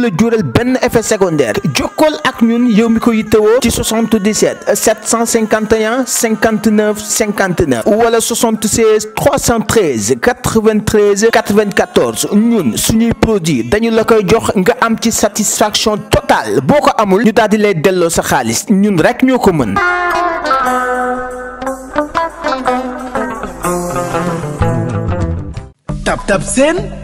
de la jural ben effet secondaire jokol ak ñun yow mi ko ci 77 751 59 59 wala 76 313 93 94 ñun suñuy produit dañu la koy jox nga am ci satisfaction totale boko amul ñu daldi de lay vous sa xaalis ñun rek ñoko tap tap zen.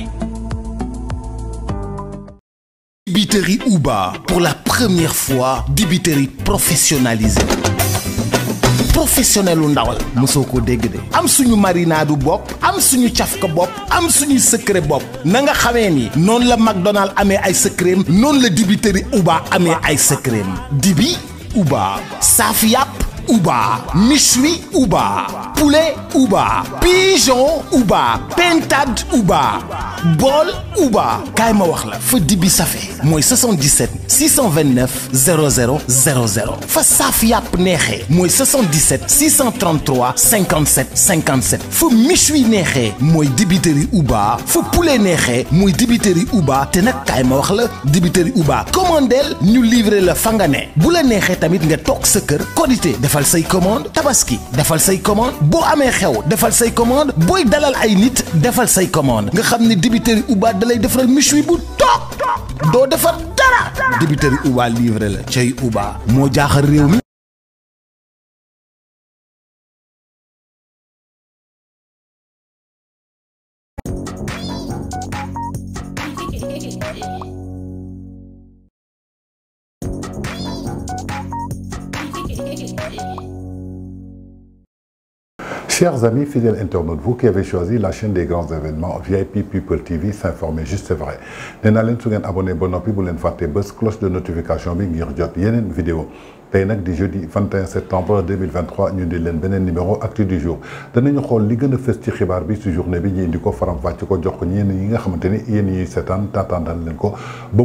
Dibiteri Uba, pour la première fois, dibiteri professionnalisé. professionnel ndawal musoko ko dégg de am suñu marinade bop am suñu tiafka bop am suñu secret bop na nga xamé ni non la McDonald amé ay secret non la dibiteri Uba amé ay secret dibi Uba safi yàpp Ouba, michoui Ouba, poulet Ouba, pigeon Ouba, pentade Ouba, bol Ouba. Kaimawakla, Fou wax la débit dibi fait 77 629 0000 00 fa saaf 77 633 57 57 Fou Michoui neexee Moui dibiteri Uba Fou poulet neexee Moui dibiteri Uba te nag dibiteri Uba Commandel Nous livrer le fangane boule ne tamit nga Tok Seker commande Tabaski defal say commande Bo Amecheo, De defal say commande boi dalal Ainit De defal say commande nga Khamni dibiteri Uba dalay defaral top bu doo defar dara débiteur yi Uba livré la cay Uba moo jaaxal réew mi Chers amis fidèles internautes, vous qui avez choisi la chaîne des grands événements VIP People TV s'informer juste c'est vrai nee naa leen abonner, ngeen abonné ba bu cloche de notification bi ngir jot yeneen vidéo tey jeudi 21 septembre 2023 nous di leen numéro actuel du jour Nous allons li gën a fës ci xibaar bi ci journée bi ñu indi ko faram-fàcce ko jox ko yi nga xamante ni yéen ñiy seetaan tàntaan leen ko ba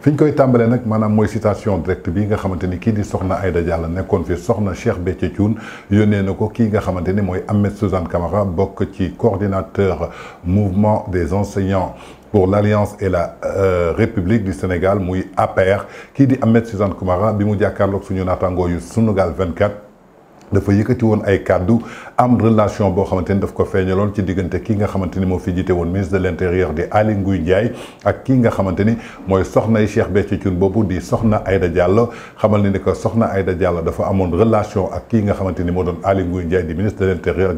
fi koy tambalé nak manam moy citation direct bi nga xamanteni ki di soxna Aïda Diallo nekkoon fi soxna Cheikh Béthio Thioune yónnee na ko nga xamanteni moy Ahmed Suzanne Camara bok ci coordinateur mouvement des enseignants pour l'Alliance et la euh, République du Sénégal muy APR ki di Ahmed Suzanne Camara bi mu jàkkaarloog suñu natango yu Sunugal 24 dafa yëkëti won ay cadeaux am relation boo xamante ni daf ko feeñaloon ci diggante kii nga xamante ni moo fi jiite woon ministre de l'intérieur di Aly Ngouille Ndiaye ak ki xamante ni mooy soxnay Cheikh Béthio Thioune boobu di soxna Aïda Diallo xamal ni ni que soxna Aïda Diallo dafa amoon relation ak ki nga xamante ni moo doon Aly Ngouille Ndiaye di ministre de l'intérieur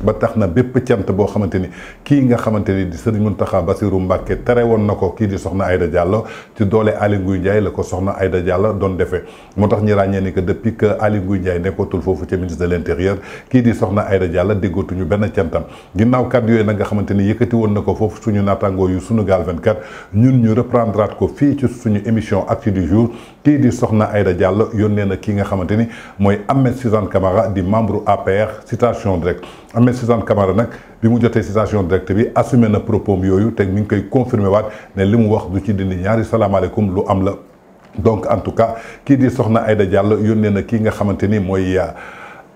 ba tax na bépp cant boo xamante ni kii nga xamante ni di Serigne Mountakha Bassirou Mbacké tere woon na ko kii di soxna Aïda Diallo ci doole Aly Ngouille la ko soxna Aïda Diallo doon defee moo tax ñu ràññee ni que depuis que Aly Ngouille Ndiaye nekkatul foofu ci ministre de l'intérieur kii di soxna Aïda Diallo déggootuñu benn centam ginnaaw kàddu yooyu nag nga xamante ni yëkkati woon na ko foofu suñu naataangoo yu Sunugal 24 ñun ñu reprendre ko fii ci suñu émission actu du jour kii di soxna Aïda Diallo yónnee na kii nga xamante ni mooy Ahmed Suzanne Camara di membre APR citation direct Ahmed Suzanne nag bi mu jotee citation directe bi assumé na propos yooyu te mi ngi koy confirmé waat ne li mu wax du ci dindi ñaari salaamaaleykum lu am la donc en tout cas kii di soxna Aïda Diallo yónnee na kii nga xamante ni mooy. Euh,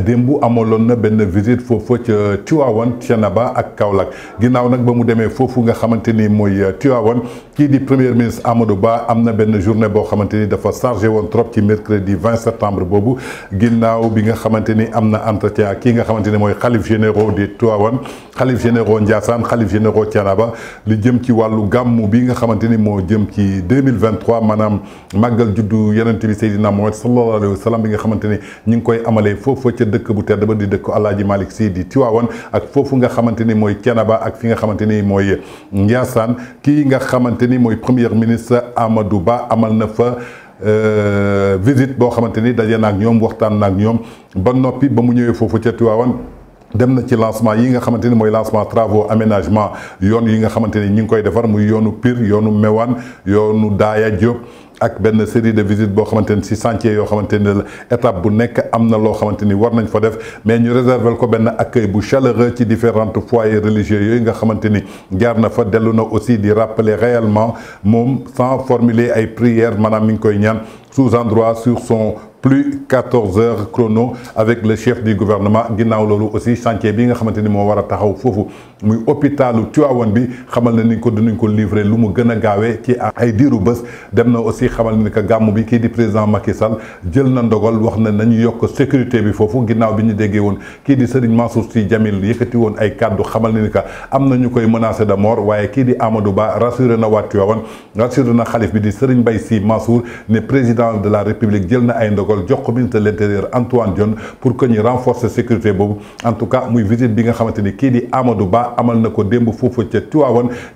démb amaloon na benn visite foofu ca Tivaouane Thiénaba ak Kaolack ginnaaw nag ba mu demee foofu nga xamante ni mooy euh, Tivaouane Qui di premier ministre Amadou Ba am na journée bo xamanteni dafa chargé won trop ci mercredi 20 septembre Bobu, ginnaw bi nga xamanteni amna entretien ki nga xamanteni moy khalife généraux de Tivaouane khalife généraux Ndiassane khalife généraux Tianaba li jëm ci walu gamu bi nga xamanteni mo jëm ci 2023 manam magal juddu yonent bi Seydina Mohamed sallallahu alayhi wasallam bi nga xamanteni ni ngi koy amalé fofu ci dëkk bu tedd ba di dëkk Alaaji Malick Sidi di ak fofu nga xamanteni moy Tianaba ak fi nga xamanteni moy Ndiassane nga xamanteni xamante ni premier ministre Amadou Ba amal na fa euh, visite bo xamanteni daje na ak ñoom waxtaan ba nopi ba mu ñëwé fofu ci Tiwawan dem na ci lancement yi nga xamanteni moy lancement travaux aménagement yoon yi nga xamanteni ñing koy défar muy yoonu Pire yoonu yoonu ak benn série de visites bo xamante ci sentier yo yoo étape bu nek amna lo loo war nañ fa def mais ñu réserver ko ben accueil bu chaleureux ci différentes foyers religieux yooyu nga xamante ni jaar na fa dellu na aussi di rappeler réellement mom sans formuler ay prières manam mi ngi koy ñaan sous endroit sur son plus 14 heures chrono avec le chef du gouvernement ginaaw lolu aussi chantier bi nga xamante mo wara taxaw fofu muy hôpital tuawon bi xamal na ni ko dinañ ko livrer lu mu gëna gaawé ci ay diru bëss dem na aussi xamal ni ka gàmm bi ki di président Macky Sall jël na ndogal wax na nañu yok sécurité bi fofu ginnaw biñu déggé won ki di Serigne Mansour Sy jamil yëkëti won ay cadeau xamal ni ka am nañu koy menacer de mort waye ki di Amadou Ba rassuré na wat tuawon rassuré na khalif bi di Serigne Mbaye Sy Mansour ne président de la République jël na ay ndogal jox ko ministre de l'intérieur Antoine Diome pour que ñu renforcer sécurité bobu en tout cas muy visite bi nga xamanteni ki di Amadou Ba amal nako demb Fofu, ci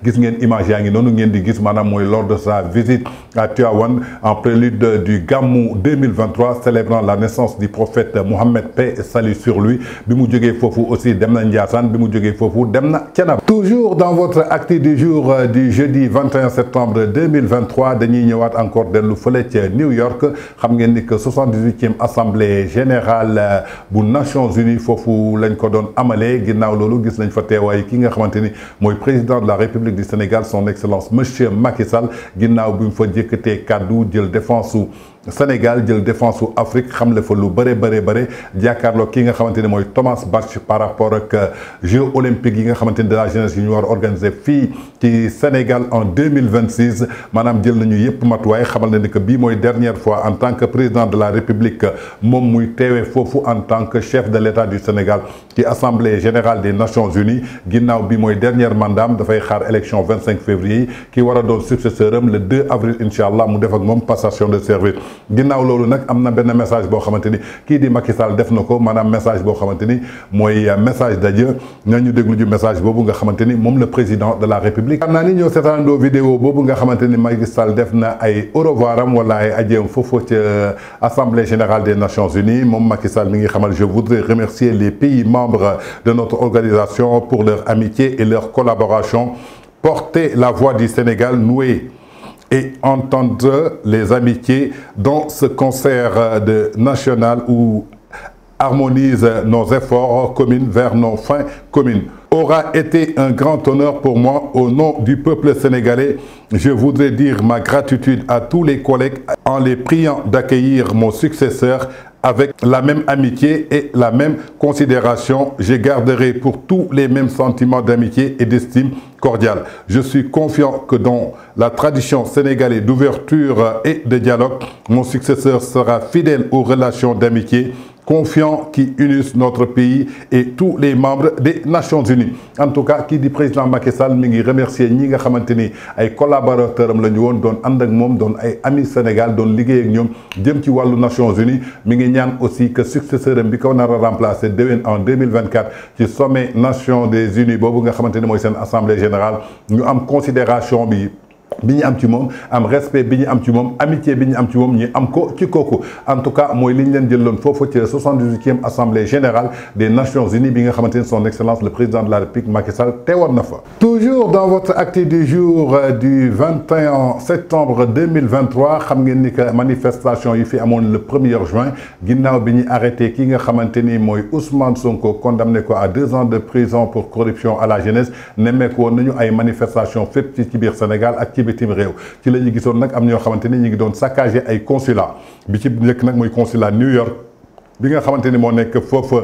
gis image yaa ngi di gis lors de sa visite à Tivaouane en prélude du Gamou 2023 célébrant la naissance du prophète Mohammed paix et salut sur lui bi mu Fofu aussi dem na Ndiassane bi mu Fofu. dem toujours dans votre acte du jour euh, du jeudi 21 septembre 2023 dañuy ñëwaat encore delu le ci New York xam ngeen ni que 78e assemblée générale euh, bu Nations Unies Fofu. lañ ko doon amalé ginnaw lolu gis nañ fa ki nga été moy président de la république du Sénégal son excellence monsieur Macky Sall ginnaaw dire que fa un cadeau, jël défense Sénégal jël défense ou Afrique xamle fa lu bëree bëree bëri jàkkaarloo kii nga Thomas Bach par rapport ak euh, Jeux olympiques yi nga de la jeunesse Junior, ñu fii ci Sénégal en 2026, Madame Diel, nous avons jël nañu xamal que bii dernière fois en tant que président de la République Momoui muy Fofou en tant que chef de l'État du Sénégal ci assemblée générale des Nations Unies ginnaaw bi mooy dernière mandaam de xaar élection 25 février qui aura donc successeur le 2 avril Inch'Allah, allah mu def passation de service ginnaaw loolu nak amna ben message bo xamanteni ki di Macky Sall def nako manam message bo xamanteni moy euh, message d'adieu nañu déglu ju message bobu nga xamanteni mom le président de la république amna naa ni ñoo seetaandoo vidéo bobu nga xamanteni Macky Sall def na ay au revoir am wala ay adieu foofu euh, assemblée générale des nations unies mom Macky Sall mi ngi xamal je voudrais remercier les pays membres de notre organisation pour leur amitié et leur collaboration porter la voix du Sénégal noué et entendre les amitiés dans ce concert de national où harmonise nos efforts communs vers nos fins communes. Aura été un grand honneur pour moi au nom du peuple sénégalais. Je voudrais dire ma gratitude à tous les collègues en les priant d'accueillir mon successeur avec la même amitié et la même considération. Je garderai pour tous les mêmes sentiments d'amitié et d'estime je suis confiant que dans la tradition sénégalaise d'ouverture et de dialogue, mon successeur sera fidèle aux relations d'amitié confiants qui unissent notre pays et tous les membres des Nations Unies en tout cas qui dit président Macky Sall remercie remercie remercier ñi collaborateurs de la ñu woon doon ak ami Sénégal doon Ligue, ak Nations Unies mais aussi que le successeur qu'on a remplacé en 2024 le sommet Nations des Unies Bobo nga xamante ni l'Assemblée assemblée générale nous avons considération biñu am ci moom am respect bi am ci amitié bi ñu am ci moom ñu am ko ci en tout cas mooy li ñu leen jëloon foofu ci la e assemblée générale des nations unies bi nga son excellence le président de la république Macky Sall teewoon na fa. toujours dans votre acte du jour euh, du 21 septembre 2023 xam ngeen ni que manifestation yi fi amoon le 1er juin ginnaaw bi ñu arrêté ki nga xamante ni mooy Ousmane Sonko condamné ko à deux ans de prison pour corruption à la jeunesse nemmeeku woon nañu ay manifestation fépp ci biir Sénégal ak bitim réew ci lañu gissone nak am ñoo xamanteni ñi ngi doon saccager ay consulat bi ci nek nak moy consulat New York bi nga xamanteni mo nek fofu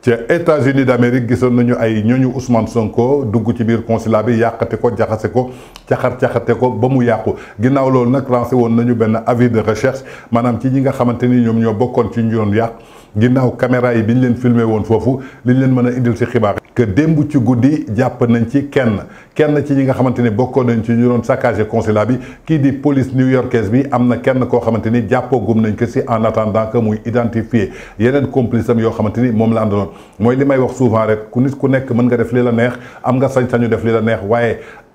ci ca États-Unis d'Amérique gissone nañu ay ñooñu Ousmane Sonko dugg ci bir consulat bi yàqate ko jaxase ko caxar caxate ko ba mu yaqku ginnaw loolu nak lancé won nañu ben avis de recherche manam ci ñi nga xamanteni ñom ñoom ñoo bokkoon ci ñu doon yaq ginnaw caméra yi bi ñu leen filmé woon foofu li ñu leen mën indil ci xibaar que dembu ci goudi japp nañ ci kenn kenn ci ñi nga xamanteni bokko nañ ci ñu doon saccagé consulat bi ki di police new yorkaise bi amna kenn ko xamanteni jappo gum nañ ko ci en attendant que muy identifier yeneen complice am yo xamanteni mom la àndaloon moy limay wax souvent rek ku nit ku nekk mën nga def li la neex am nga sañ-sañu def li la neex waaye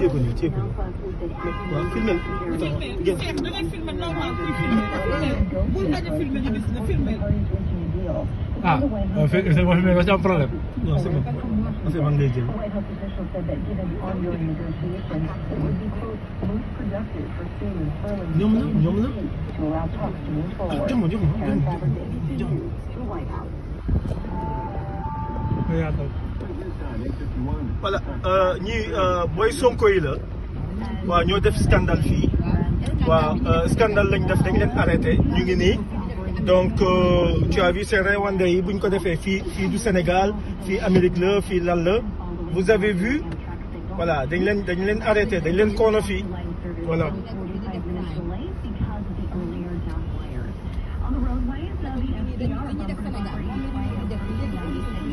téekuñu téekuñu waaw filmé jël ah seen boo filmé nga ci am problème non c'est bon parce que man ngay jël ñoom la ñoom la jëm jëm jëm jëm voilà euh, ñii euh, boy Sonko yi la waaw ñoo def scandale fii waaw euh, scandale lañ def dañ leen arrêté ñu ngi nii donc tu as vu ces réewande yi bu ñu ko defee fii fii du Sénégal fii Amérique la fii lan la vous avez vu voilà dañ leen dañ leen arrêté dañ leen koono fii voilà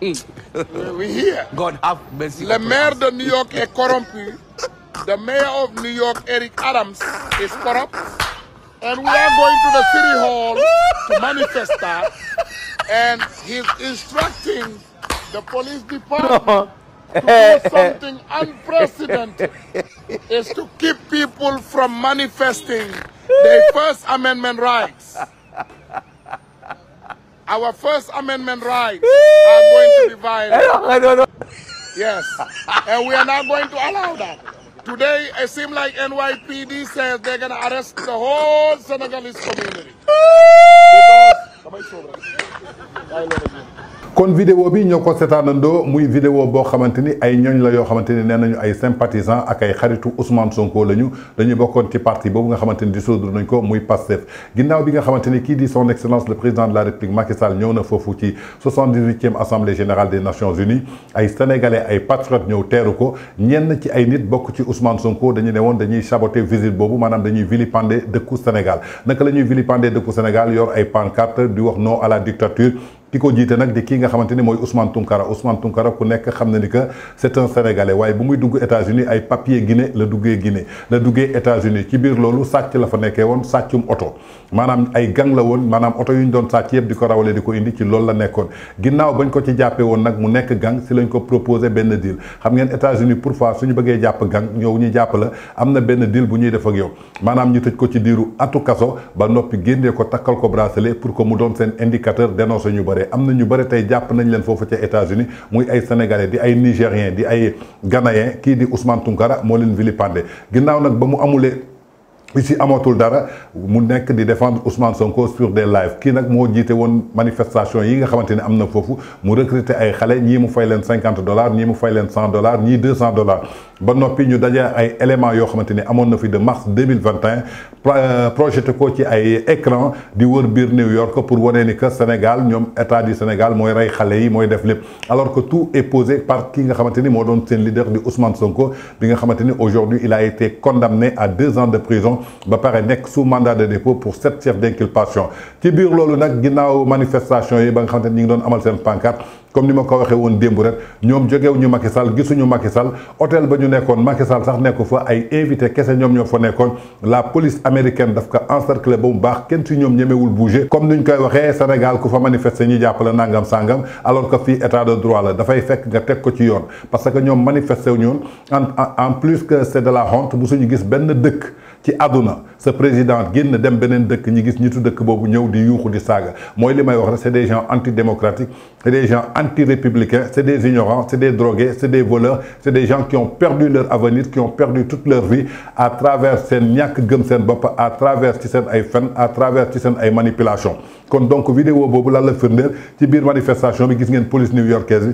we here. God have mercy. The mayor of New York is corrupt. the mayor of New York, Eric Adams, is corrupt. And we are going to the city hall to manifest that. And he's instructing the police department no. to do something unprecedented is to keep people from manifesting their First Amendment rights our First Amendment rights are going to be violated. Yes. and we are not going to allow that. Today, it seems like NYPD says they're going to arrest the whole Senegalese community. because... kon vidéo bi ñoko ko seetaanandoo muy vidéo bo xamanteni ay ñoñ la yo xamanteni nénañu ay sympathisants ak ay xaritu Ousmane Sonko lañu dañu bokkoon ci parti boobu nga xamanteni ni dissoudre nañ ko muy Pastef ginnaw bi nga xamanteni ki di son excellence le président de la République Macky Sall ñëw na fofu ci soixante-dix-huitième assemblée générale des Nations Unies ay sénégalais ay patriotes ñëw téru ko ñenn ci ay nit bokku ci Ousmane Sonko dañu ne dañuy saboter visite boobu manam dañuy vilipender dëkku Sénégal naka lañuy ñuy vilipender dëkku Sénégal yor ay pancarte di wax non à la dictature ki ko jiite nag di kii nga xamante ni mooy Ousmane Tounkara Ousmane Tounkara ku nekk xam na ni que c'est un Sénégalais waaye bu muy dugg États-Unis ay papier Guinée la duggee Guinée la duggee États-Unis ci biir loolu sàcc la fa nekkee woon sàccum oto maanaam ay gang la woon maanaam oto yu ñu doon sàcc yëpp di ko rawale di ko indi ci loolu la nekkoon ginnaaw bañ ko ci jàppee woon nag mu nekk gang si lañ ko proposé benn deal xam ngeen États-Unis parfois suñu bëggee jàpp gang ñëw ñu jàpp la am na benn deal bu ñuy def ak yow maanaam ñu tëj ko ci diiru atu kaso ba noppi génnee ko takkal ko bracelet pour que mu doon seen indicateur dénoncé ñu bëree am na ñu bëri tey jàpp nañ leen foofu ca États-Unis muy ay sénégalais di ay nigérien di ay ghanéen kii di Ousmane Tunkara moo leen vilipendé ginnaaw nag ba mu amulee bi si amatul dara mu nekk di défendre Ousmane Sonko sur des lives kii nag moo jiite woon manifestation yi nga xamante ne am na foofu mu recruter ay xale ñii mu fay leen cinquante dollars ñii mu fay leen cent dollars ñii deux cent dollars ba noppi ñu dajé ay éléments yoo xamante ni amoon na fi de mars 2021, euh, projeté ko ci ay écran di wër biir New York pour wane ni que Sénégal ñoom état du Sénégal mooy rey xale yi mooy def lépp alors que tout est posé par ki nga xamante ni moo doon leader di Ousmane Sonko bi nga xamante aujourd'hui il a été condamné à deux ans de prison ba un nekk sous mandat de dépôt pour sept chefs d'inculpation ci biir loolu nag ginnaaw manifestation yi ba nga xamante ni ñu ngi doon amal seen pancarte comme ni avons nous un nous avons nous Macky Sall avons Macky Sall hôtel nous avons Macky Sall invité que nous la police américaine que encercler bar, bouger comme nous koy Sénégal ku fa manifester nangam sangam alors que état de droit parce que nous manifester en plus que c'est de la honte nous suñu ci aduna ce président guen dem benen dëkk ñi gis ñitu dëkk bobu ñëw di yuxu di saga moy li wax c'est des gens antidémocratiques c'est des gens antirépublicains, c'est des ignorants c'est des drogués c'est des voleurs c'est des gens qui ont perdu leur avenir qui ont perdu toute leur vie à travers ces ñak gëm sen bop à travers ci sen ay à travers ci ay manipulations kon donc vidéo bobu la firndeel ci bir manifestation bi gis ngeen police new-yorkaise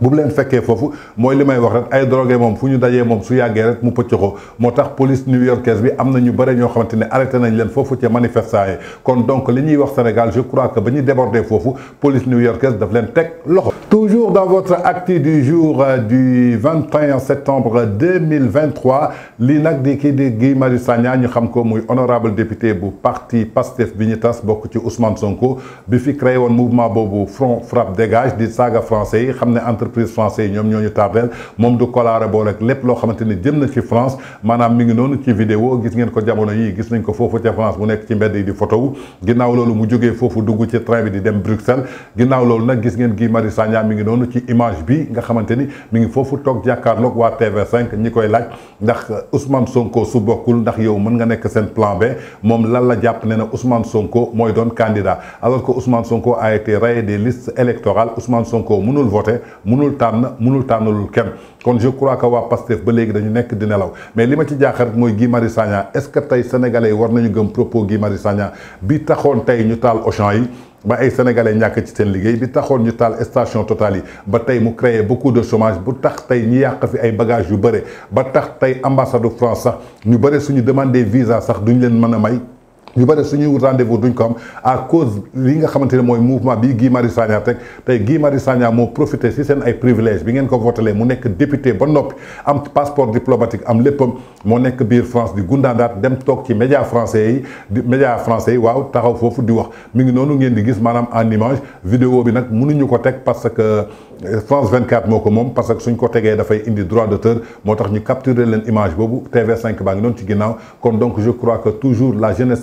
bu mu leen fekkee foofu mooy li may wax rek ay drogué moom fu ñu dajee moom su yàggee rek mu pëcc ko moo tax police new yorkaise bi am na ñu bëre ñoo xamante ne arrêté nañ leen foofu ca manifestant yi kon donc li ñuy wax Sénégal je crois que ba ñu débordé foofu police new yorkaise daf leen teg loxo. toujours dans votre actu du jour euh, du 21 septembre 2023 lii nag di Guy Marius Sagna ñu xam ko muy honorable député bu parti PASTEF bi ñu tas ci Ousmane Sonko bi fi créé un mouvement boobu front frappe dégage di saaga français yi xam ne entreprise français ñom ñoo ñu tardeel mom du kolaare bo rek lepp lo xamanteni jëm na ci France manam mi ngi non ci vidéo gis ngeen ko jamono yi gis nañ ko fofu ci France mu nekk ci mbedd di photo ginnaw ginnaaw loolu mu joggé fofu dugg ci train bi di dem Bruxelles ginnaw loolu nag gis ngeen gi Marius Sagna mi ngi non ci image bi nga xamanteni mi ngi fofu tok jàkkaarloog wa TV5 ñi koy laaj ndax Ousmane Sonko su bokul ndax yow mën nga nekk sen plan B mom lan la japp ne na Ousmane Sonko moy don candidat alors que Ousmane Sonko a été rayé des listes électorales Ousmane Sonko mënul voter mënul tànn munul tànnalul kenn kon je crois que waa Pastef ba léegi dañu nekk di nelaw mais li ma ci jaaxal mooy Guy Marius Sagna est-ce que tey sénégalais yi war nañu gëm propos Guy Marius bi taxoon tey ñu taal Auchan yi ba ay sénégalais ñàkk ci seen liggéey bi taxoon ñu taal station Total yi ba tey mu créé beaucoup de chômage bu tax tey ñu yàq fi ay bagages yu bëre ba tax tey ambassade France sax ñu bëre suñu demandé visa sax duñu leen mën a may. ñu bëri suñuy rendez-vous duñ ko am à cause li nga xamante ne mooy mouvement bi Guy Marius Sagna teg tey Guy Marius Sagna moo profité si seen ay privilèges bi ngeen ko votalé mu nekk député ba noppi am passeport diplomatique am léppam moo nekk biir France di gundaandaat dem toog ci média français yi di média français yi waaw taxaw foofu di wax mi ngi noonu ngeen di gis maanaam en image vidéo bi nag mënuñu ko teg parce que euh, France 24 moo ko moom parce que suñ ko tegee dafay indi droit d'auteur moo tax ñu capturer leen image boobu TV5 baa ngi noonu ci ginnaaw kon donc je crois que toujours la jeunesse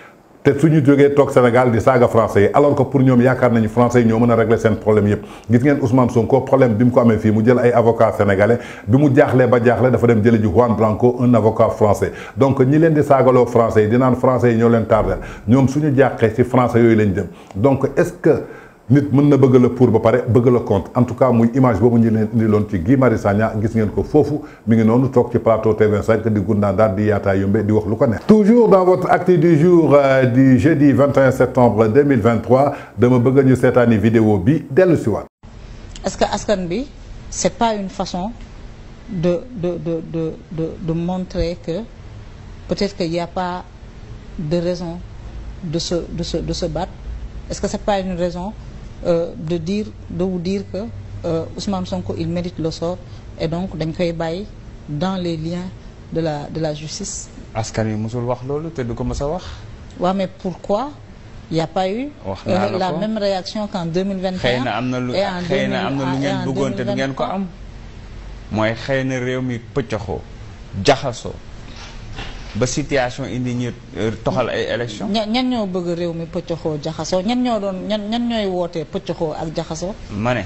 te suñu jógee toog Sénégal di saga français alors que pour ñoom yaakaar nañu français yi ñoo mën a régler seen problème yëpp gis ngeen Ousmane Sonko problème bi mu ko amee fii mu jël ay avocat sénégalais bi mu ba jaaxle dafa dem jëli Juan Blanco, un avocat français donc ñi leen di saagaloo français yi di nan français ni ñoo leen tardel ñoom suñu jàqee ci français yooyu lañ dem. donc est-ce que nit mën na bëgg la pour ba pare bëgg la compte en tout cas muy image boobu ñu leen indi loon ci Guy Mari Sagna gis ngeen ko foofu mi ngi noonu toog ci plateau TV5 di gundaandaat di yaataa yumbe di wax lu ko neex toujours dans votre acte du jour euh, du jeudi 21 septembre 2023 dama bëgg ñu seetaani vidéo bi dellu si waat est-ce que askan bi c'est pas une façon de de de de de de montrer que peut-être qu'il n'y a pas de raison de se de se de se battre est-ce que n'est pas une raison euh, de dire de vous dire que euh, Ousmane Sonko il mérite le sort et donc dañ koy baye dans les liens de la de la justice. askan musul wax lolu te du ko mës a wax. wa mais pourquoi il n'y a pas eu. Euh, la même réaction qu'en 2021. xëy na am na lu xëy na lu ngeen bëggoon te du ko am. moy xëy na mi pëccoxoo jaxasoo. ba situation indi ñu euh, toxal ay élection ñan ñoo bëgg réew mi pëccoxoo jaxasoo ñan ñoo doon ñan ñan ñooy wootee pëccoxoo ak jaxasoo ma ne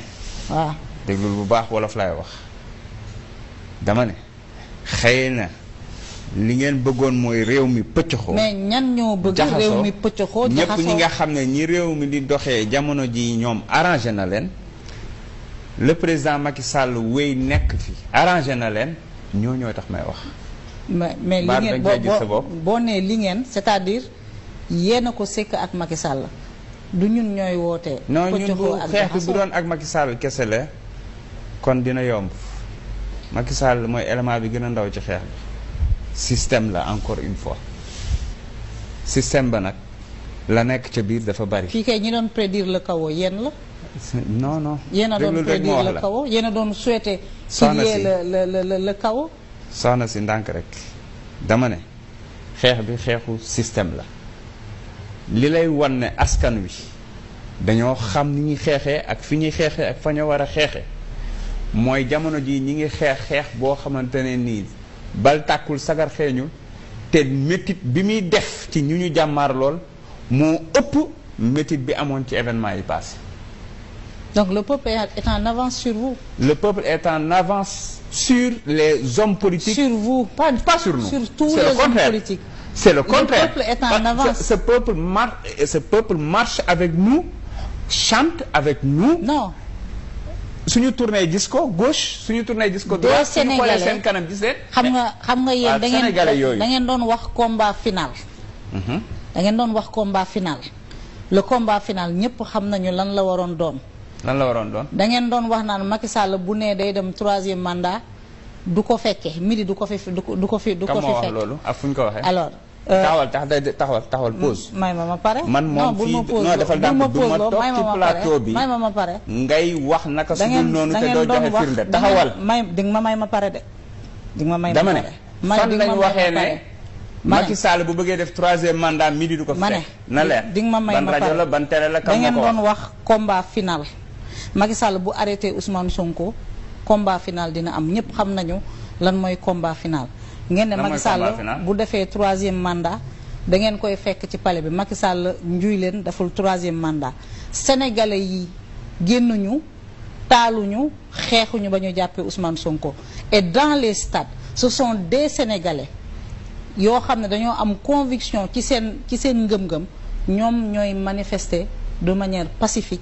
waaw déglul bu baax wolof laay wax dama ne xëy na li ngeen bëggoon mooy réew mi pëccoxoo mais ñan ñoo bëgg réew mi pëccoxoo ñëpp ñi nga xam ne ñi réew mi di doxee jamono ji ñoom arrangé na leen le président Macky Sall wéy nekk fi arrangé na leen ñoo ñooy tax may wax mais mais li ngeen boo boo nee li ngeen c'est-à-dire yéen ko sekk ak Macky Sall du ñun ñooy woote non ñun xeex bi bu doon ak Macky Sall kese la kon dina yomb makisal mooy élément bi gën a ndaw ci xeex bi système la encore une fois système ba nag la nekk ca biir dafa bari. fii kay ñi doon prédire le kawo yenn la. non non. yéen doon prédire le kawo yéen doon souhaiter. si le le le le kawo. soxna si ndànk rek dama ne xeex bi xeexu système la li lay wan ne askan wi dañoo xam ni ñuy xeexee ak fi ñuy xeexee ak fa ñu war a xeexee mooy jamono ji ñi ngi xeex xeex boo xamante ne nii bal tàkkul sagar xeeñul te métit bi muy def ci ñu ñu jàmmaar lool moo ëpp métit bi amoon ci événement yi passé donc le peuple est en avance sur vous. le peuple est en avance sur les hommes politiques. Sur vous. Pas, sur nous. Sur tous les hommes politiques. C'est le contraire. Le peuple est en avance. Ce, peuple marche, ce peuple marche avec nous, chante avec nous. Non. nous tournons le disco gauche si nous tournons disco droite si nous seen la scène leen. xam nga xam nga yéen da combat final. Mhm. da y a wax combat final. le combat final nous xam nañu lan la lan la waron don da ngeen don wax naan Macky Sall bu ne day dem 3e mandat du ko fekke midi du ko fi du ko du fi. du ko kan fi fekk loolu ak fu ko waxe alors euh, tawal tax day taxawal taxawal hmm, pause. may ma ma pare man mom fi non defal dànk du ma toog ci plateau bi may ma ma pare. ngay wax naka su dul nonu te do joxe firnde taxawal. may ding ma may ma pare de. ding ma may dama ne fan lañ waxee ne. ma Macky Sall bu bëggee def 3e mandat midi du ko. fekke na leer ding ma may ma pare ban radio la ban télé la. kam ko ngeen don wax combat final. Macky Sall bu arrêté Ousmane Sonko combat final dina am ñëpp xam nañu lan mooy combat final. ngeen de Macky Sall bu defee troisième mandat da ngeen koy fekk ci pale bi Macky Sall njuy leen deful troisième mandat sénégalais yi génnuñu taaluñu xeexuñu ba ñu jàppee Ousmane Sonko et dans les stades ce sont des sénégalais yoo xam ne dañoo am conviction ci seen ci seen ngëm-ngëm ñoom ñooy manifester de manière pacifique.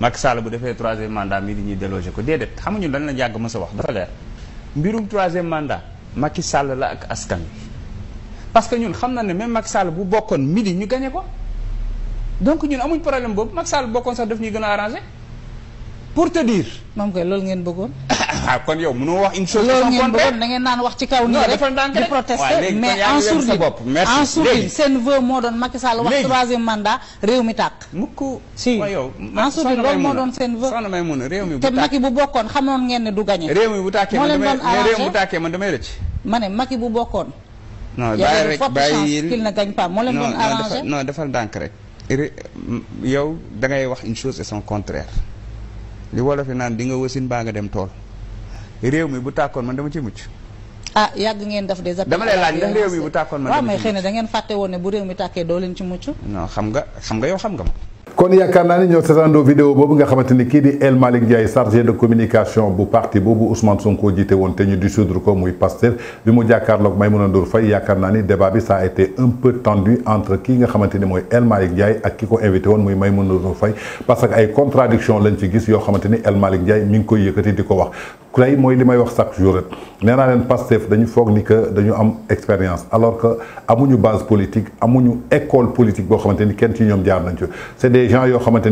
Macky Sall bu defee troisième mandat mii di ñuy déloger ko déedéet xamuñu lan la yàgg ma sa wax dafa leer mbirum troisième mandat Macky Sall la ak askan wi parce que ñun xam na ne même Macky Sall bu bokkoon midi ñu gagné ko donc ñun amuñ problème boobu mag Sall bokkoon sax daf ñuy gën a arrangé pour te dire. maam kay loolu ngeen bëggoon. ah kon yow mënoo wax une chose. loolu ngeen bëggoon da ngeen naan wax ci kaw. nii rek di protester mais en sourdine seen vœu moo doon Macky Sall wax troisième mandat réew mi tàkk. mukk si en sourdine loolu moo doon seen vœu. soxna Maimouna réew mi bu tàkkee te bu bokkoon xamoon ngeen ne du gagné. réew mi bu tàkkee bu tàkkee man damay rëcc. ma ne Macky bu bokkoon. bàyyi rek bàyyi il moo leen doon arrangé non defal ndànk rek yow da ngay wax une chose et son contraire li wolofe naan di nga wasin baa nga dem tool réew mi bu tàkkoon ma dama ciy mucc. ah yàgg ngeen def des appels dama lay laaj ndax réew mi bu tàkkoon man dama ciy mucc waaw mais xëy na da ngeen fàtte woon ne bu réew mi tàkkee doo leen ci mucc. non xam nga xam nga yow xam nga ma. kon yaakaar naa ni ñoo seetaandoo vidéo bobu nga xamanteni ni kii di El malik Ndiaye chargé de communication bu parti boobu Ousmane Sonko jiite woon te ñu dissoudre ko muy pasteur bi mu jàkkaarloog Maïmouna Ndour Faye yaakaar ni débat bi ça a été un peu tendu entre kii nga xamanteni ni mooy El malik Ndiaye ak ki ko invité woon muy Maïmouna Ndour Faye parce que ay contradiction lañ ci gis yoo xamanteni El malik Ndiaye mi ngi koy yëkkati di ko wax tey mooy li may wax chaque jour rek nee naa leen Pastef dañu foog ni que dañu am expérience alors que amuñu base politique amuñu école politique boo xamante ni kenn ci ñoom jaar nañ ci des gens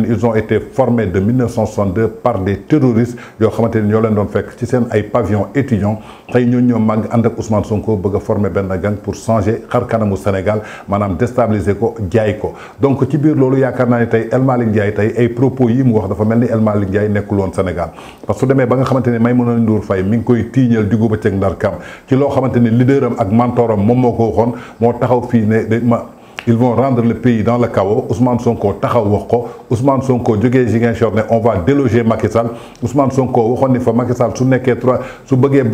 ils ont été formés de 1962 par des terroristes yo xamanteni ni ñoo leen doon fekk ci seen ay pavillon étudiants tay ñoo ñoo mag and ak Ousmane Sonko bëgg former ben gang pour changer xar kanamu Sénégal manam déstabiliser ko jaay ko donc ci biir loolu yaakaar naa ne tey El Malick Ndiaye tey ay propos yi mu wax dafa mel ni El Malick Ndiaye nekkul woon Sénégal parce que su demee ba nga xamante ni Maïmouna Ndour Faye mi ngi koy tiiñal diggu bëccëg ndar ndarkam ci loo xamante leader am ak mentoram moom moo ko waxoon moo taxaw fii ne ma ils vont rendre le pays dans le chaos Ousmane Sonko taxaw wax ko Ousmane Sonko jógee Ziguinchor ne on va déloger Macky Sall Ousmane Sonko on va fa Macky Sall su nekkee trois su bëggee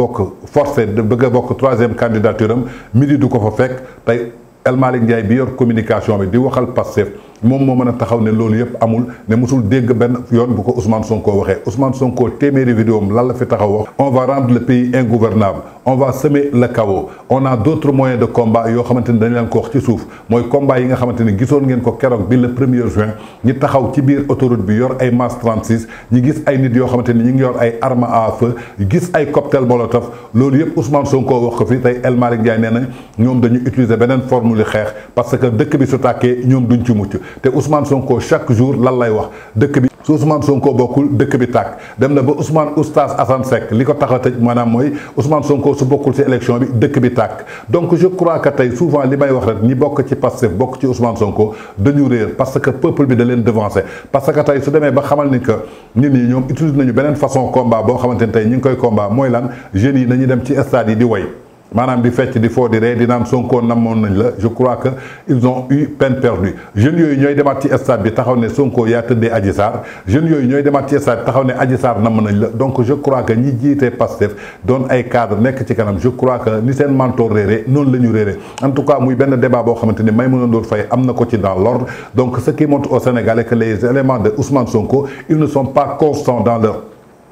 forcé de troisième candidature midi du ko fa fekk tey El Malick Ndiaye bi yor communication bi di waxal moom moo mën a taxaw ne loolu yëpp amul ne mosul dégg benn yoon bu ko Ousmane Sonko waxee Ousmane Sonko téeméeri vidéo am lan la fi taxaw wax on va rendre le pays ingouvernable on va semer le chaos on a d' autres moyens de combat yoo xamante ni dañ leen ko wax ci suuf mooy combat yi nga xamante ni gisoon ngeen ko keroog bi le premier juin ñi taxaw ci biir autoroute bi yor ay masse 36 ñi gis ay nit yoo xamante ni ñi ngi yor ay armes à gis ay cocktail molotov loolu yëpp Ousmane Sonko wax ko fi tey El Malick na ñoom dañu utiliser beneen formule xeex parce que dëkk bi su tàkkee ñoom duñ ci mucc te Ousmane Sonko chaque jour lan lay wax deuk bi su Ousmane Sonko bokul deuk bi tak dem na ba Ousmane Oustaz Assane Seck liko ko tax manam moy Ousmane Sonko su bokul ci élection bi deuk bi tak donc je crois que tay souvent li may wax rek ni bok ci Pastef bok ci Ousmane Sonko dañu réer parce que peuple bi da len devancer parce que tay su demee ba xamal ni que ñun ñi ñom utilise nañu benen façon combat bo xamanteni tay ñing koy combat moy lan jeunes yi nañu dem ci stade yi di way Madame, di fecc di foo di ree Sonko Namon, la je crois que ils ont eu peine perdue Je yooyu ñooy demaat ci stade bi taxaw ne Sonko yaa tëddee Adji Sarr jeunes yooyu ñooy demaat ci stade bi taxaw ne Adji nañ la donc je crois que ñi jiitee Pastef doon ay cadre nekk ci kanam je crois que ni seen mentor réré, non la ñu en tout cas muy benn débat boo xamante ni Maïmouna Ndour Faye am na ko ci dans l'ordre donc ce qui montre au Sénégalais que les éléments de Ousmane Sonko ils ne sont pas constants dans leur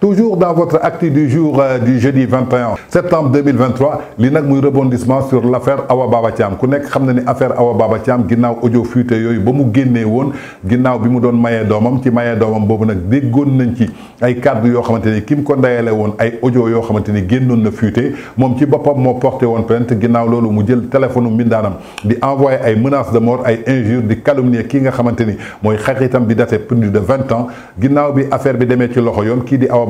toujours dans votre acte du jour euh, du jeudi 21 septembre 2023 li nag muy rebondissement sur l'affaire affaire Awa Baba Thiam ku nekk xam na ni affaire Awa Baba Thiam ginnaaw audio fuité yooyu ba mu génnee woon ginnaaw bi mu doon mayee doomam ci mayee doomam boobu nag déggoon nañ ci ay kàddu yoo xamante ni ki mu ko ndayale won ay audio yo xamanteni ni na fuité mom ci bopam mo porté won plainte ginnaw lolou mu jël téléphone mindanam di envoyer ay menaces de mort ay injures di calomnier ki nga xamanteni moy xaritam bi daté plus de 20 ans ginnaw bi affaire bi démé ci loxo yom ki di Awa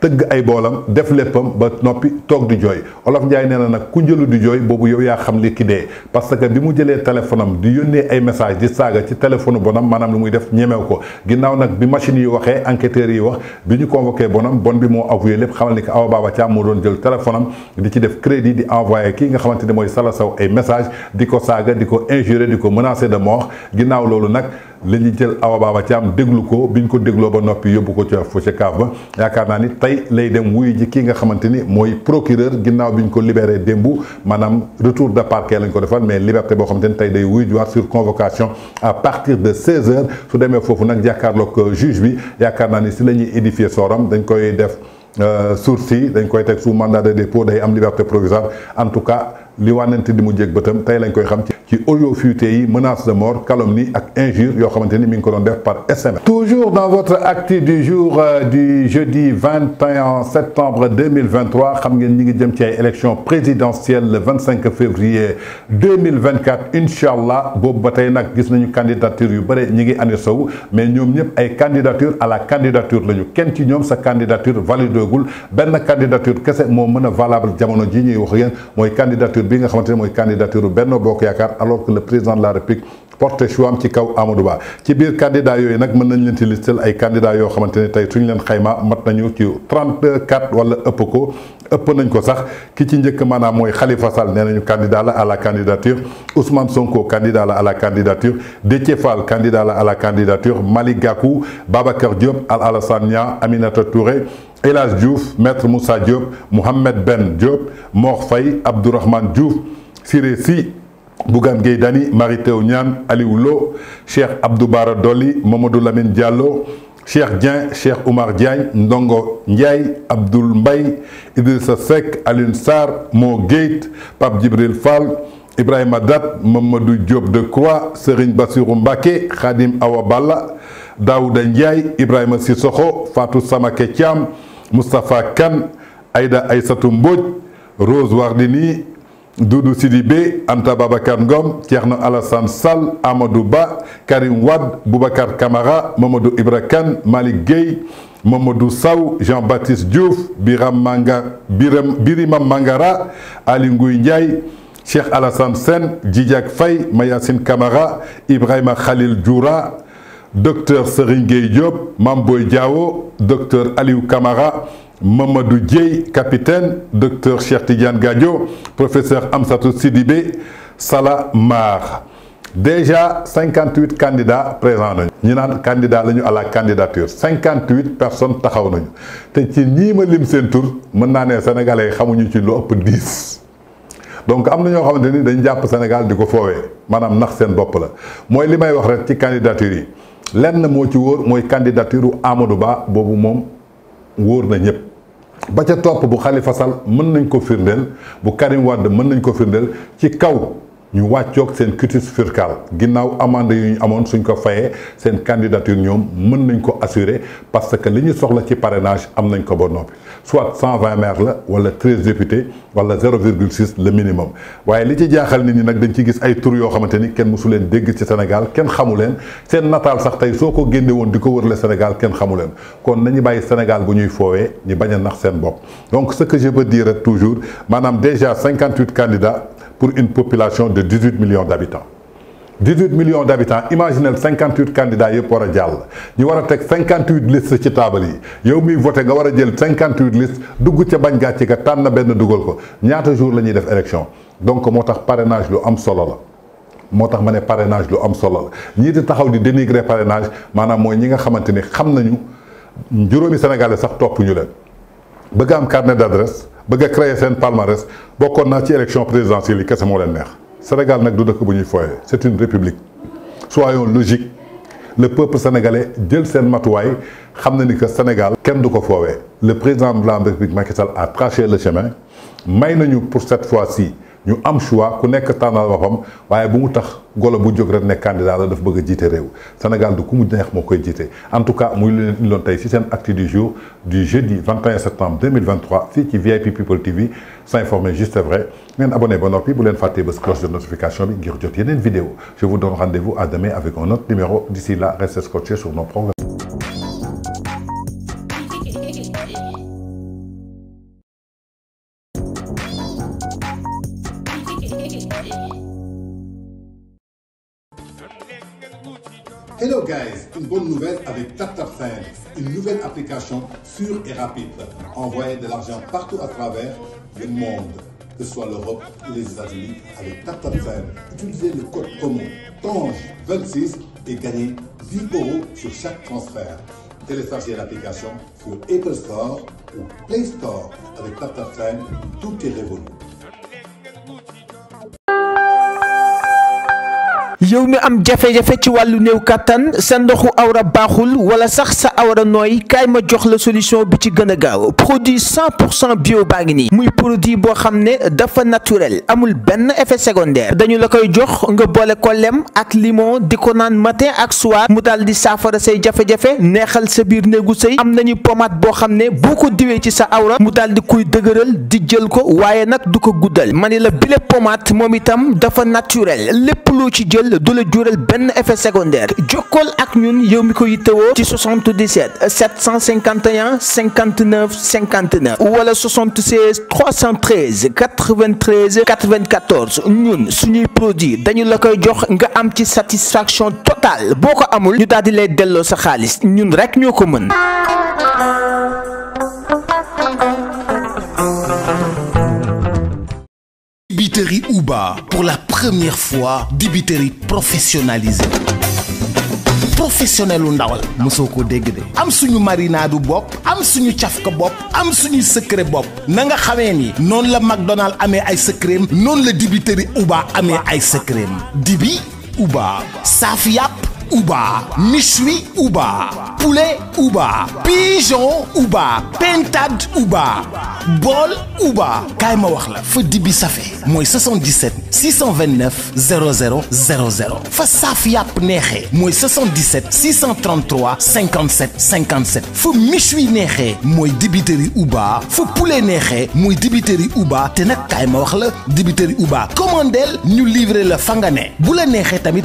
tëgg ay boolam def léppam ba noppi toog di jooy Olof Njaay nee na nag ku njëlu di jooy boobu yow yaa xam li ki dee parce que bi mu jëlee téléphone di yónnee ay message di saaga ci téléphone bonam maanaam lu muy def ñemew ko ginnaaw nag bi machine yi waxee enquêteurs yi wax bi ñu convoqué bonam bon bi moo avoué lépp xamal ni que Awa Baba Thiam moo doon jël téléphone di ci def crédit di envoyé kii nga xamante ne mooy Salla Sow ay message di ko saaga di ko injuré di ko menacé de mort ginnaaw loolu la ñuy jël Awa Baba Thiam déglu ko biñ ko dégloo ba nopi yóbbu ko ca fa ca kaaf ba ni tay lay dem wuy ji ki nga xamanteni moy procureur ginnaw biñ ko libéré démb manam retour de parquet lañ ko defal mais liberté bo xamanteni tay day wuy ji jiwaat sur convocation à partir de 16h su demee foofu nag jàkkaarloog euh, juge bi yakarna ni si la édifier soram dañ koy def euh sursis dañ koy tek sous mandat de dépôt day am liberté provisoire en tout cas li wànnante di mu jéeg bëtam tey lañ koy xam ci yi menace de mort calomnie ak injure yoo xamante ni mi ngi ko doon def par SMS toujours dans votre acte du jour euh, du jeudi 21 septembre 2023 xam ngeen ñi ngi jëm ci ay élection présidentielle le 25 février 2024 incha allah boobu ba tey nag gis nañu candidature yu bëre ñi ngi andi sow mais ñoom ñëpp ay candidature à la candidature lañu kenn ci ñoom sa candidature validégul benn candidature kese moo mën valable jamono ji ñuy wax yéen mooy candidature bi nga xamante ne mooy candidature Benno Bokk Yaakaar alors que le président la République porté choix am ci kaw Amadou Ba ci bir candidat yoy nak meun nañ leen ci listel ay candidat yo xamanteni tay tey suñ leen xeyma mat nañu ci 34 wala ëpp ko ëpp nañ ko sax ki ci ñeuk manam moy Khalifa Sall nenañu candidat la à la candidature Ousmane Sonko candidat la à la candidature Déthié Fall candidat la à la candidature malik Gakou Babacar Diop Al Alassane nia Aminata Touré elas Diouf Maître Moussa Diop Mohamed Ben Diop Mor fay abdourahman Diouf Siré Sy Bougan Gaydani, Marité Onyan, Ali Oulo, Cheikh Abdou Mamadou Lamine Diallo Cheikh Dieng Cheikh Oumar Diagne Ndongo Ndiaye Abdoul Mbaye Idrissa Seck Alioune Sarr Mo Gate, Pape Djibril Fall Ibrahim Adat, Mamadou Diop Croix, Serigne Bassirou Khadim Awabala, Daouda Ndiaye Ibrahim Sissoko Fatou Samaké Thiam Moustapha Kan, Aïda Aïssatou Rose Wardini Doudou Sidibé, Anta Babakar Ngom, Tierno Alassane Sal, Amadou Ba, Karim Wad, Boubacar Kamara, Mamadou Ibrakan, Malik Gay, Mamadou Saou, Jean-Baptiste Diouf, Biram Mangara, Alingou Ndiaye, Cheikh Alassane Sen, Djidjak Faye, Mayassine Kamara, Ibrahima Khalil Djoura, Docteur Seringue Diop, Mamboy Diao, Docteur Aliou Kamara, Mamadou Dieye, capitaine, docteur Chertigian Gadio, professeur Amsatou Sidibé, Salah Mar. Déjà 58 candidats présents Nous sommes candidats lañu à la candidature 58 personnes taxaw nañu Et ci ñii ma lim seen tur mën naa ne sénégalais xamuñu ci lu ëpp 10 donc am na ñoo des ni dañ jàpp Sénégal di ko Madame Narsen nax seen bopp la mooy wax rek ci candidature yi de moo ci wóor candidature u Amadou Ba boobu moom na ba ca topp bu Khalifa Sall mën nañ ko firndeel bu Karim Wade mën nañ ko firndeel ci kaw ñu wàccoog seen cutis fiscal ginnaaw amande yu ñu amoon suñ ko fayee seen candidature ñoom mën nañ ko assurer parce que li ñu soxla ci parrainage am nañ ko ba noppi soit 120 maires la wala 13 députés wala 0,6 le minimum waaye li ci jaaxal nit ni nag dañ ci gis ay tur yoo xamante ni kenn ci Sénégal qui xamu leen seen nataal sax tey qui ko génne woon di Sénégal, qui Sénégal kenn xamu leen kon nañu bàyyi Sénégal bu ñuy foowee ñu bañ a nax seen donc ce que je veux dire toujours Madame, déjà 58 candidats pour une population de 18 millions d'habitants 18 millions d'habitants, imaginez 58 candidats pour pour a Nous avons 58 listes ci table yi yow voté 58 listes Vous avez bañ gàcce ga dugal ko ñaata jour def donc vous le parrainage de am solo la. moo le parrainage lu am solo dénigrer parrainage maanaam on ñi nga le sénégalais sax avez ñu carnet d'adresse Vous bëgg créer palmarès Beaucoup naa ci l'élection présidentielle Sénégal n'est pas dëkk bu c'est une république soyons logiques le peuple sénégalais Dieu s'en matuwaay xam ni que Sénégal kenn le président de la République Macky Sall a traché le chemin Mais nous, pour cette fois-ci avons am choix ku nekk tànnal boppam waaye bu mu tax golo bu jóg rek nekk candidat la daf bëgg a jiite réew Sénégal du ku mu neex moo koy jiite en tout cas nous leen indiloon tey ci seen acte du jour du jeudi 21 septembre 2023 fii ci VIP People TV s'informer juste et vrai abonnez abonné ba noppi bu vous faire bës cloche de notification bi ngir jot une vidéo je vous donne rendez-vous à demain avec un autre numéro d'ici là restez scotché sur nos programmes une nouvelle application sûre et rapide. Envoyer de l'argent partout à travers le monde, que ce soit l'Europe ou les États-Unis, avec TapTapSend. Utilisez le code commun TANGE26 et gagnez 10 euros sur chaque transfert. Téléchargez l'application sur Apple Store ou Play Store avec TapTapSend. Tout est révolu. yow mi am jafé jafé ci walu new katan sa ndoxu awra baxul wala sax sa awra noy kay ma jox la solution bi ci gëna gaaw produit 100% bio bagni ngi muy produit bo xamné dafa naturel amul ben effet secondaire dañu la koy jox nga bolé ko ak limon diko nan matin ak soir mu di say jafe jafé neexal sa bir am nañu pommade bo xamné ne diwé ci sa awra mu daal di kuy dëgeural di jël ko wayé nak duko guddal la bile pommade Momitam dafa naturel lépp loo ci jël le le ben effet secondaire Jokol ak ñun yow ko 77 751 59 59 Ou wala 76 313 93 94 ñun suñuy produit dañu la koy jox satisfaction totale Si amul ñu daldi lay dello sa ñun rek Dibiterie Uba, pour la première fois, dibiterie professionnalisée. professionnel on ndawal mosoo ko dégg de am suñu marinade bop, am suñu cafka bop, am suñu secret bob. Nanga nga Non ni la McDonald amé ay cream, non la dibiteri Uba amé ay cream. dibi Uba safia Ouba, Michui Ouba, poulet Ouba, pigeon Ouba, pentade Ouba, Bol Ouba. kaay Wakla, wax la dibi safe 77 629 0000, fa Moi 77 633 57 57 Fou Michui Nehe, Moi dibiteri Ouba fa poulet neexee mui dibiteri Ouba te nag Wakla, dibiteri Ouba Commandel, ñu livrer le fangané. Boule ne la tamit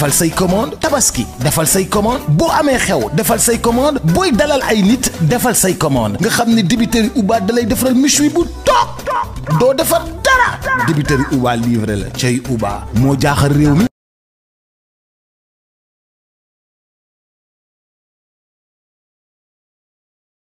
defal say commande tabaski defal say commande bo amé xew defal say commande boy dalal ay nit defal say commande nga xamni débiteur débiteri Uba dalay defal méchoui bu tok do defal dara débiteri Uba livré la cey Uba moo jaaxal réew mi